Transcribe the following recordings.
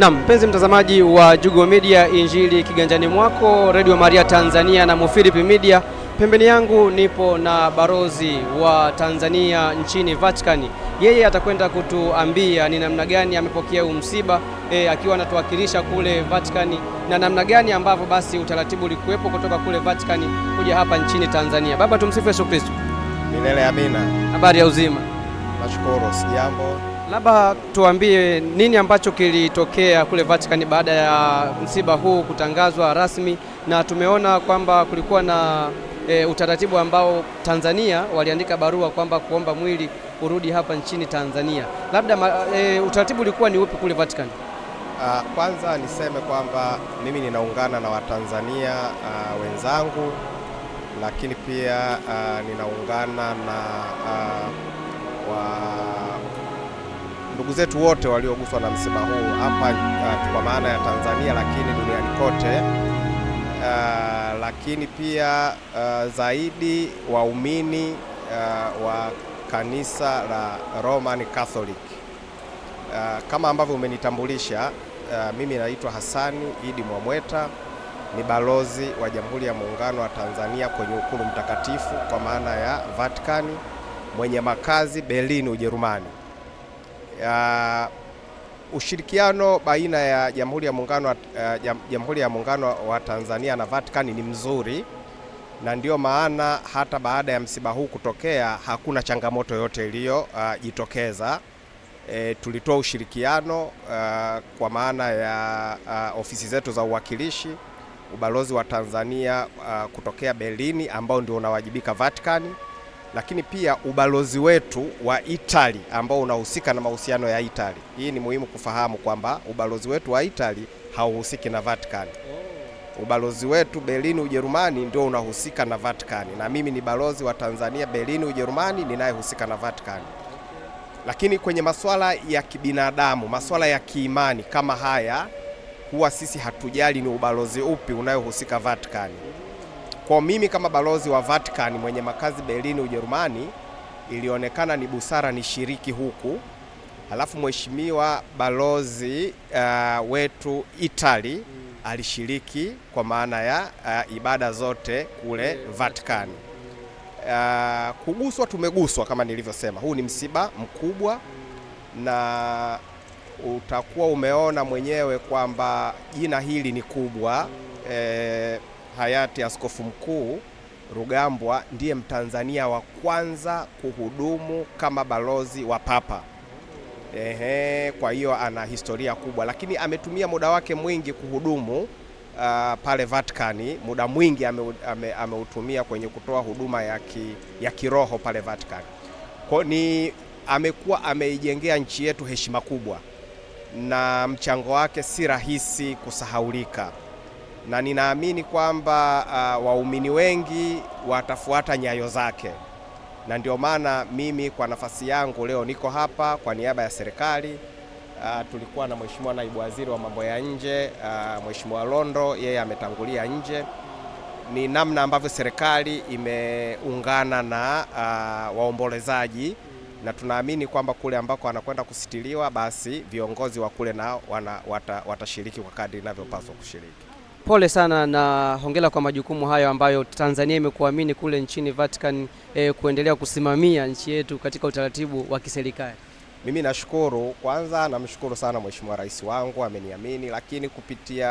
Na mpenzi mtazamaji wa Jugo Media, injili kiganjani mwako, Radio Maria Tanzania na Mufiripi Media. Pembeni yangu nipo na barozi wa Tanzania nchini Vatikani. Yeye atakwenda kutuambia ni namna gani amepokea huu msiba e, akiwa anatuwakilisha kule Vatikani na namna gani ambavyo basi utaratibu ulikuwepo kutoka kule Vatikani kuja hapa nchini Tanzania. Baba, tumsifu Yesu Kristo milele. Amina. Habari ya uzima? Nashukuru, jambo. Labda tuambie nini ambacho kilitokea kule Vatican baada ya msiba huu kutangazwa rasmi, na tumeona kwamba kulikuwa na e, utaratibu ambao Tanzania waliandika barua kwamba kuomba mwili urudi hapa nchini Tanzania. Labda e, utaratibu ulikuwa ni upi kule Vatican? Uh, kwanza niseme kwamba mimi ninaungana na Watanzania uh, wenzangu, lakini pia uh, ninaungana na uh, wa ndugu zetu wote walioguswa na msiba huu hapa uh, kwa maana ya Tanzania lakini duniani kote uh, lakini pia uh, zaidi waumini uh, wa kanisa la Roman Catholic uh, kama ambavyo umenitambulisha uh, mimi naitwa hasani Idi Mwamweta ni balozi wa Jamhuri ya Muungano wa Tanzania kwenye ukulu mtakatifu kwa maana ya Vatican, mwenye makazi Berlin, Ujerumani ya ushirikiano baina ya Jamhuri ya Muungano eh, Jamhuri ya Muungano wa Tanzania na Vatican ni mzuri, na ndiyo maana hata baada ya msiba huu kutokea hakuna changamoto yote iliyojitokeza. Eh, uh, E, tulitoa ushirikiano uh, kwa maana ya uh, ofisi zetu za uwakilishi, ubalozi wa Tanzania uh, kutokea Berlini ambao ndio unawajibika Vatican lakini pia ubalozi wetu wa Itali ambao unahusika na mahusiano ya Itali. Hii ni muhimu kufahamu kwamba ubalozi wetu wa Itali hauhusiki na Vatican. Ubalozi wetu Berlin, Ujerumani ndio unahusika na Vatican, na mimi ni balozi wa Tanzania Berlin, Ujerumani ninayehusika na Vatican. Lakini kwenye masuala ya kibinadamu, masuala ya kiimani kama haya, huwa sisi hatujali ni ubalozi upi unayohusika Vatican. Kwa mimi kama balozi wa Vatican mwenye makazi Berlin, Ujerumani, ilionekana ni busara nishiriki huku, alafu mheshimiwa balozi uh, wetu Italy alishiriki kwa maana ya uh, ibada zote kule Vatican. Uh, kuguswa tumeguswa kama nilivyosema, huu ni msiba mkubwa na utakuwa umeona mwenyewe kwamba jina hili ni kubwa eh, hayati Askofu Mkuu Rugambwa ndiye Mtanzania wa kwanza kuhudumu kama balozi wa Papa. Ehe, kwa hiyo ana historia kubwa, lakini ametumia muda wake mwingi kuhudumu Uh, pale Vatikani muda mwingi ameutumia ame, ame kwenye kutoa huduma ya, ki, ya kiroho pale Vatikani. Kwa ni amekuwa ameijengea nchi yetu heshima kubwa na mchango wake si rahisi kusahaulika na ninaamini kwamba uh, waumini wengi watafuata nyayo zake, na ndio maana mimi kwa nafasi yangu leo niko hapa kwa niaba ya serikali. Uh, tulikuwa na mheshimiwa naibu waziri wa mambo ya nje uh, mheshimiwa Londo, yeye ametangulia nje. Ni namna ambavyo serikali imeungana na uh, waombolezaji na tunaamini kwamba kule ambako anakwenda kusitiliwa basi viongozi wa kule nao watashiriki kwa kadri inavyopaswa kushiriki. Pole sana na hongera kwa majukumu hayo ambayo Tanzania imekuamini kule nchini Vatican eh, kuendelea kusimamia nchi yetu katika utaratibu wa kiserikali. Mimi nashukuru kwanza, namshukuru sana Mheshimiwa Rais wangu ameniamini, lakini kupitia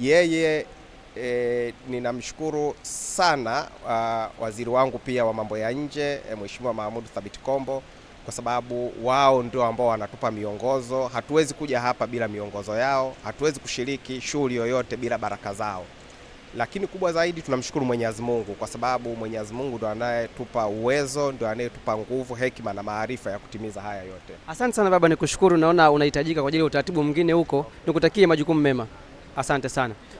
yeye e, ninamshukuru sana uh, waziri wangu pia wa mambo ya nje e, Mheshimiwa Mahmud Thabit Kombo kwa sababu wao ndio ambao wanatupa miongozo. Hatuwezi kuja hapa bila miongozo yao, hatuwezi kushiriki shughuli yoyote bila baraka zao. Lakini kubwa zaidi tunamshukuru Mwenyezi Mungu kwa sababu Mwenyezi Mungu ndo anayetupa uwezo, ndo anayetupa nguvu, hekima na maarifa ya kutimiza haya yote. Asante sana baba, nikushukuru. Naona unahitajika kwa ajili ya utaratibu mwingine huko. Nikutakie majukumu mema. Asante sana.